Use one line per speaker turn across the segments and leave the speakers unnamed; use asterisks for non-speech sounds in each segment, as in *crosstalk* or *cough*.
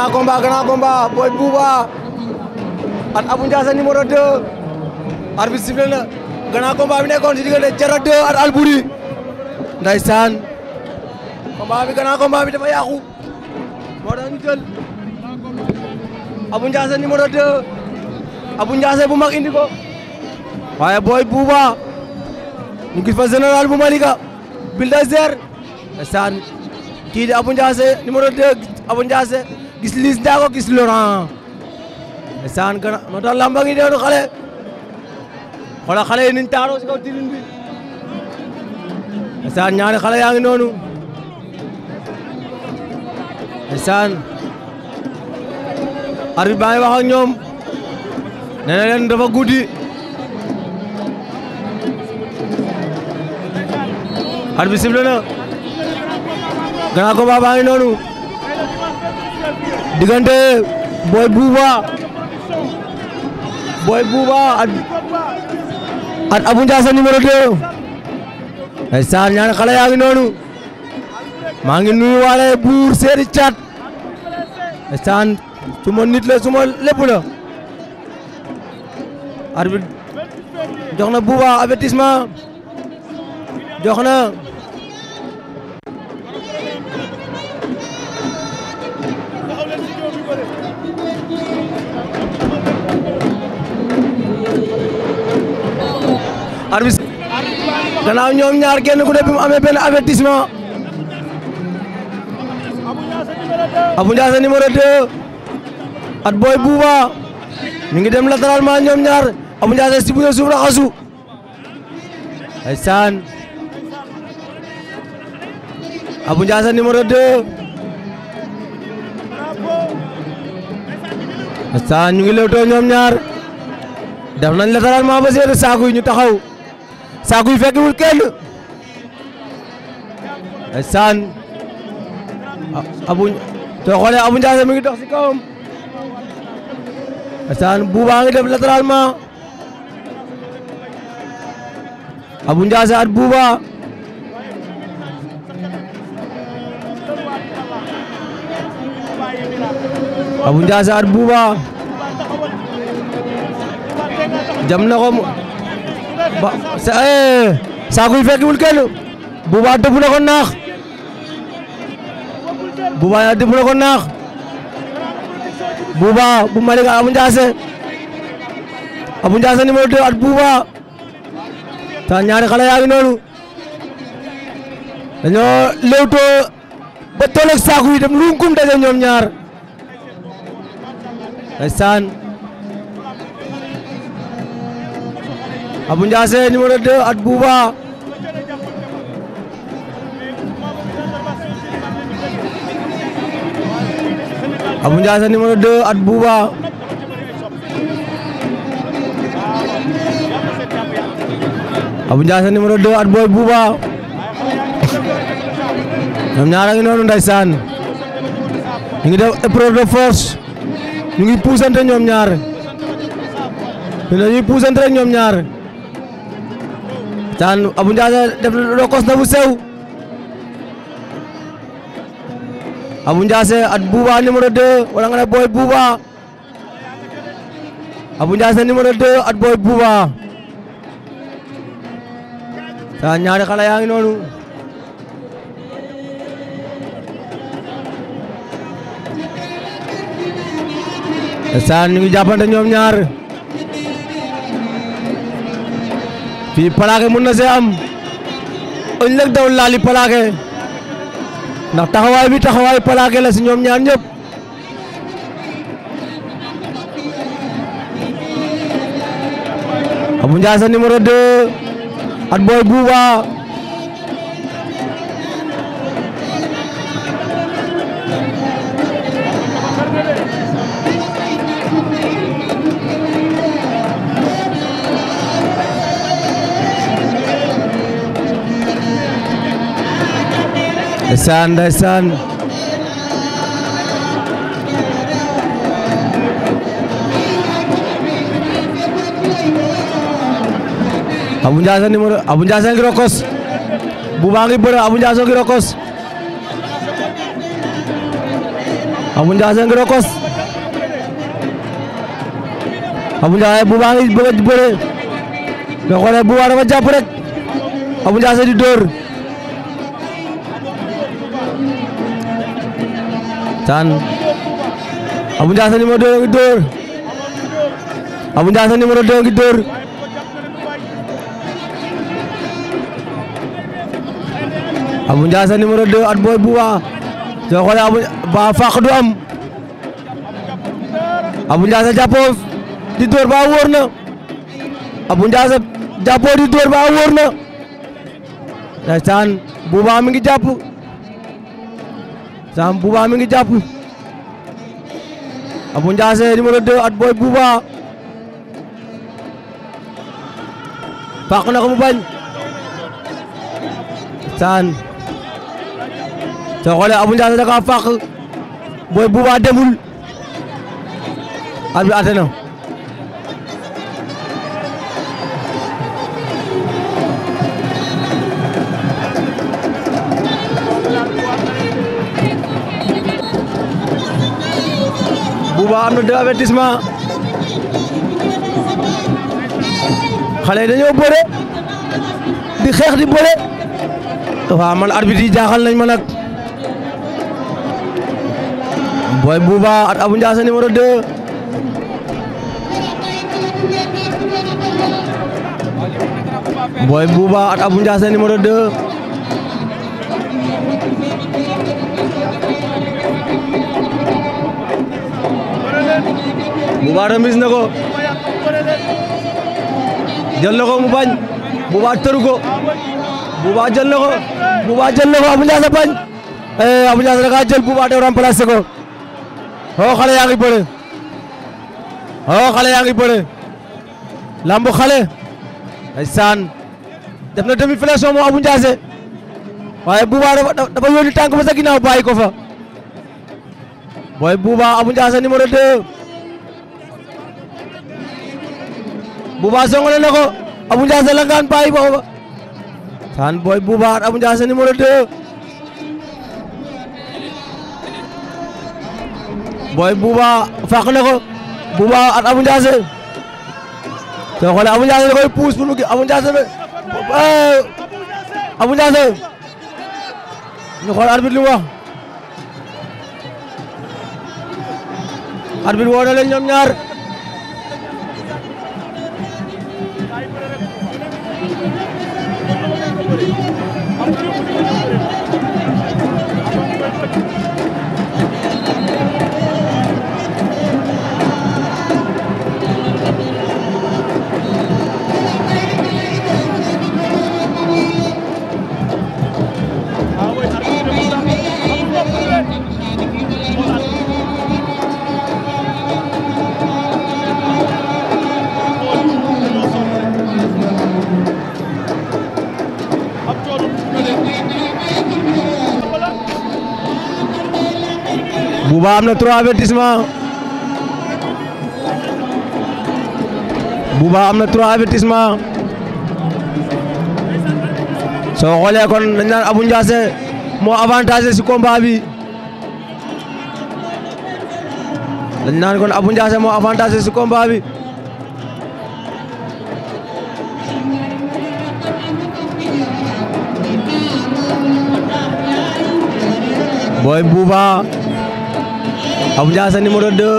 grand combat grand combat Boy Bouba ak Abou Ndiassane numéro 2 arbitre sifflé na grand combat bi nekkoon ci diggante Thiara 2 ak Albouri ndeysaan combat bi grand combat bi dafa yàqu moo tax ñu jël Abou Ndiassane numéro 2 bu mag indi waaye Boy Bouba ñu gis fa général bu Malika Bulldozer ndeysaan kii di Abou Ndiassane numéro 2 Abou gis Liss Ndiago gis Laurent ndeysaan gën a moo tax lamba ngi doon xale xoolal xale yi niñ taaroo si kaw tilin bi ndeysaan ñaari xale yaa ngi noonu ndeysaan arbitre baa ngi wax ñoom nee leen dafa guddi arbitre sifflé na gannaaw ko noonu diggante Boy Bouba Boy Bouba ak ak Abou Ndiassane numéro 2 ay saan xale yaa ngi noonu maa ngi nuyu waale buur seedi caat ay saan suma nit la suma lépp la arbitre jox na Bouba avertissement jox na gannaaw ñoom ñaar kenn ku ne bi mu amee benn avertissement Abou Ndiassé numéro 2 at Boy Bouba ñu ngi dem latéralement ñoom ñaar Abou Ndiassé si bu ñu suuf raxasu ay saan Abou Ndiassé numéro 2 ay ñu ngi lewtoo ñoom ñaar def nañ latéralement ba seeti saaku yi ñu taxaw saaku yi fekkiwul kenn saan abu soo xoolee abu njaase mi ngi dox si kawam saan buubaa ngi def latéralement abu njaase at buubaa abu njaase at buubaa jam na ko Sakuy eh, fekkiwul kenn Bouba dëpp na ko naax Bouba a dëpp na ko naax Bouba bu Malick Abou Ndiassé Abou Ndiassé numéro 2 at Bouba ta ñaari xale yaa ngi noonu dañoo lewtoo ba toll ak Sakuy dem lunkum daje ñoom ñaar ndeysaan Abou Ndiassé numéro 2 at Bouba abu Ndiassé numéro 2 at Bouba at Boy Bouba ñoom ñaara ngi noonu ndeysaan ñu ngi def épreuve de force ngi ngi puusante ñoom ñaar ñu ngi puusante rek ñoom ñaar abu Abou Ndiassé def rokos na bu sew Abou Ndiassé at Bouba numéro 2 wala nga ne Boy Bouba Abou Ndiassé numéro 2 at Boy Bouba ta ñaari xale yaa ngi noonu saan ñu ngi jàppante ñoom ñaar fii plaqué mun na see am oñ lëg daw laali plaqué ndax taxawaay bi taxawaay plaqué la si ñoom ñaar ñëpp Abou Ndiassé numéro 2 at booy Bouba ndeysaan ndeysaan Abou Ndiassane numéro Abou Ndiassane ngi rokos bu baa ngi bëre Abou Ndiassane ngi rokos Abou Ndiassane ngi rokos Abou Ndiassane bu baa ngi bëgg a bëre nga xoolee bu baa dafa jàpp rek Abou Ndiassane di dóor ndeysaan Abou Ndiassé numéro 2 ngi dóor Abou Ndiassé numéro 2 ngi dóor Abou Ndiassé numéro 2 at booy bu waa soo xoolee Abou ba fàq du am Abou Ndiassé jàppoo di dóor ba wóor na Abou Ndiassé jàppoo di dóor ba wóor na ndeysaan bu baax mi ngi jàpp Caam Bouba mi ngi jàpp Abou Ndiassé numéro 2 at booy Bouba na ko mu bañ saan soo xoolee Abou Ndiassé da ka pàq booy Bouba demul at bi ate na am na deux avertissement xale yi dañoo bëre di xeex di bëre waaw man arbitre yi jaaxal nañ ma nag Boy Bouba at Abou Ndiassé Bouba remise na ko jël na ko mu bañ Bouba ko Bouba jël na ko ko Abou bañ eh Abou Ndiassé da kaa jël Bouba daw remplacé ko oh xale yaa ngi bëre oh yaa ngi bëre lambu xale ay saan def na demi flexion moom Abou Ndiassé waaye Bouba dafa dafa yónni tànk ba sa ginnaaw bàyyi ko fa booy Bouba Abou Ndiassé Bouba songale na ko Abou Ndiassé la ngaan bàyyi booba saan booy Bouba Abou Ndiassé numéro 2 booy Bouba fàq ko Bouba at Abou Ndiassé soo xoolee Abou Ndiassé da koy puus pour mu gi Abou Ndiassé be Abou Ndiassé lu mu wax arbitre woo na eh, leen ñoom Touba am na trois avertissement Bouba am na trois avertissement soo xoolee kon dañ naan Abou Ndiassé moo avantage ci combat bi dañ naan kon Abou Ndiassé moo avantage ci combat bi Boy Abou Ndiassé numéro 2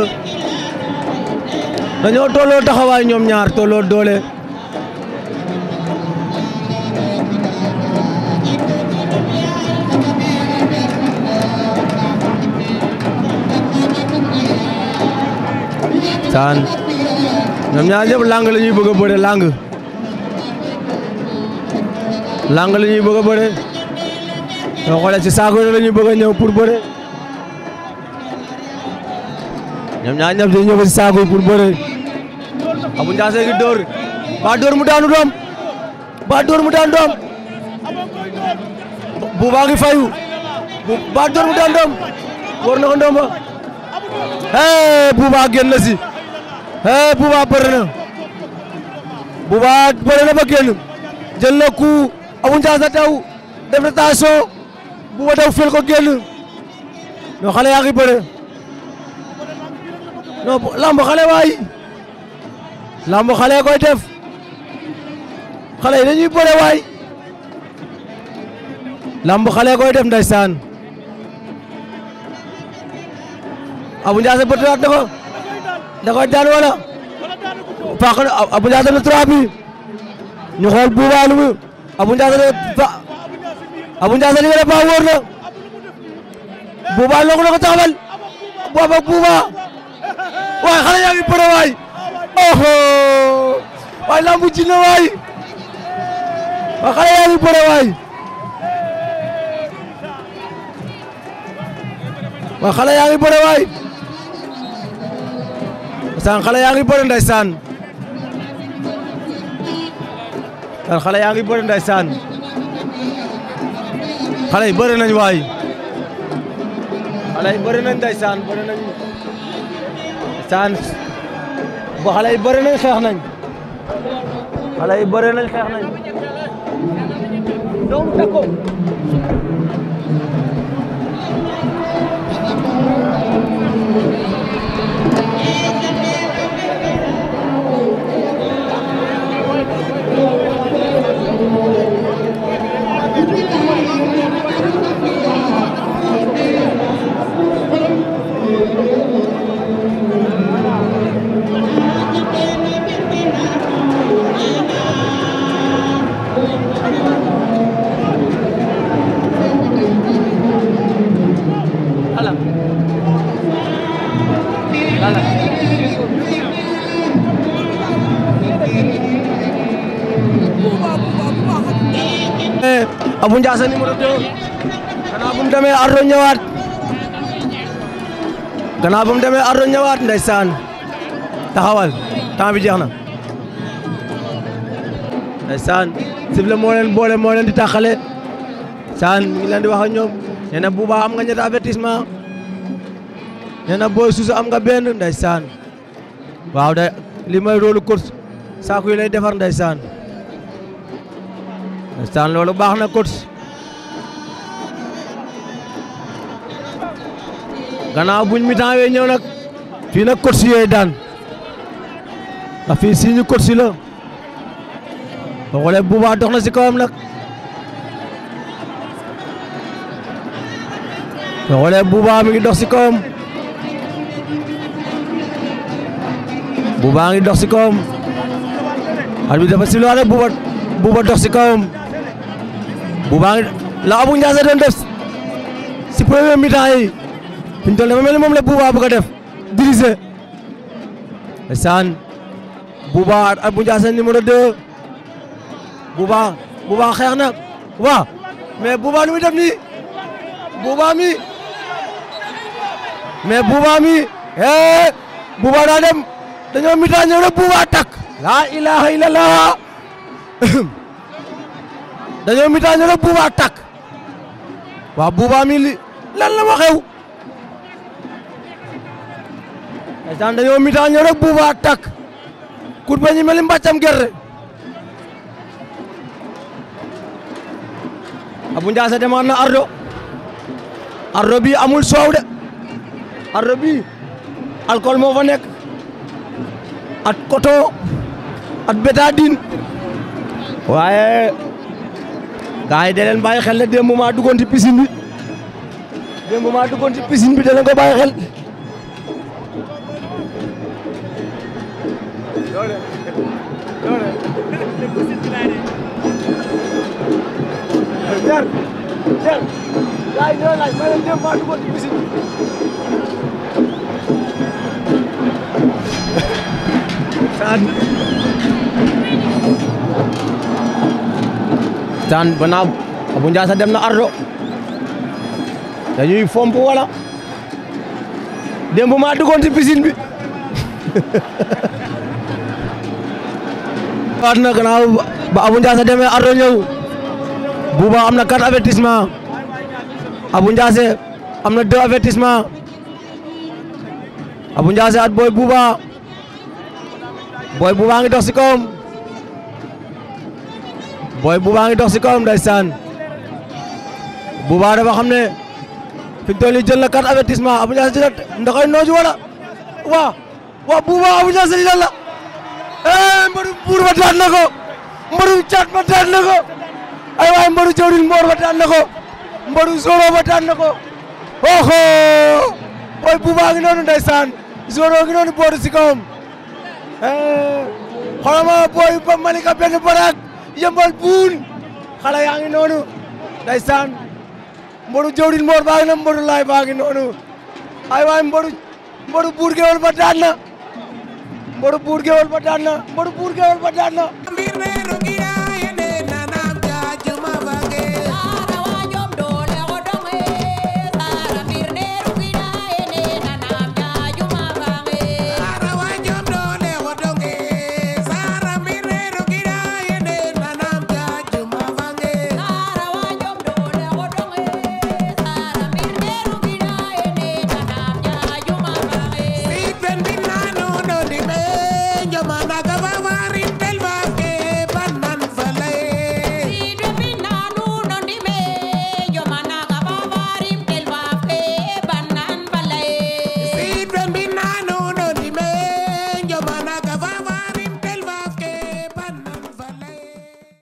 dañoo tolloo taxawaay ñoom ñaar tolloo doole saan ñoom ñaar ñëpp làng la ñuy bëgg a bëre làng làng la ñuy bëgg a bëre soo xoolee ci saako la ñuy bëgg a ñëw pour bëre ñoom ñaar ñëpp dañu ñëw ba si saako yi pour bëre Abou Ndiassé gi dóor ba dóor mu daanu doom ba dóor mu daanu doom bu baa ngi fayu bu ba dóor mu daanu doom war na ko ndomba hee bu baa génn na si hee bu baa bëre na bu baa bëre na ba génn jël na ku Abou Ndiassé taw def na taasoo bu ba daw fël ko génn no xale yaa ngi bëre non lamb xale waay lamb koy def xale yi dañuy bëre waay lamb xale koy def ndeysaan Abou Ndiassé bëtëraat na ko da koy daan wala faax na Abou na trois bi ñu xool buubaalu mu na Abou Ndiassé libéré ba wóor na booba buubaa waaye xale yaa ngi bëre waaye lambu ji na waaye xale yaa ngi bëre waaye yaa ngi bëre waay xale yaa ngi bëre ndeysaan xale yaa ngi bëre ndeysaan xale yi waxtaan bu xale yi bëri nañ xeex nañ xale yi bëri nañ xeex nañ doomu takko Ndiassé numéro 2 gannaaw bu mu demee Ardo ñëwaat gannaaw bu mu demee Ardo ñëwaat ndeysaan taxawal temps bi jeex na ndeysaan sifle moo leen boole moo leen di taxale saan mi ngi leen di wax ak ñoom nee na am nga ñetti avertissement nee na Boy Sousa am nga benn ndeysaan waaw day li roolu course saako yi lay defar ndeysaan ndeysaan loolu baax na course gannaaw buñ mi temps wee ñëw nag fii nag coach yooyu daan ndax fii suñu coach la boo xoolee Bouba dox na si kawam nag boo xoolee Bouba mi ngi dox si kawam Bouba ngi dox si kawam at bi dafa siluwaat rek Bouba Bouba dox si kawam Bouba ngi la Abou Ndiassé doon def si premier mi-temps yi fi mu toll dafa mel ni moom la Bouba bëgg a def dirisé saan Bouba ak bu Ndiassane numéro 2 Bouba Bouba xeex na waaw mais Bouba lu muy def nii Bouba mi mais Bouba mi eh Bouba daa dem dañoo mitaa takk laa ilaha illallah *coughs* dañoo mitaa ñëw rek Bouba takk waaw Bouba mi a dañoo mitaa ñëw rek buuba ak takk kur ba ñu mel ni mbàccam gerte Abou Ndiassé demaat na ardo ardo bii amul soow de ardo bii alcool moo fa nekk at coton at bétadine waaye gars yi da leen bàyyi xel ne démb maa duggoon ci piscine bi démb maa duggoon ci piscine bi da leen ko bàyyi xel doole doole taan taan bana dem na ardo dañuy fomp wala démb maa duggoon ci piscine bi waat na gannaaw ba Abou Ndiassé demee ardo ñëw Bouba am na quatre avertissement Abou Ndiassé am na deux avertissement Abou Ndiassé at Boy Bouba Boy Bouba ngi dox si kawam Boy Bouba ngi dox si kawam ndeysaan Bouba dafa xam ne fi toll nii jël na quatre avertissement Abou Ndiassé jël ndax nooju wala waa waa Bouba Abou Ndiassé lii la Eh, mbaru buur ba daan ko mbaru caat ba daan ko ay waay mbaru jawrin mboor ba daan ko mbaru zoro ba daan ko oho booy buubaa ngi noonu ndeysaan zoro ngi booru si kawam eh, xoolal ma booy ba malika benn baraak yëmbal buun xale noonu ndeysaan mbaru jawrin mboor baa na mbaru laay baa noonu ay waay mbaru buur géwél ba daan mboru buur géwél ba daan na mboru buur géwél ba daan na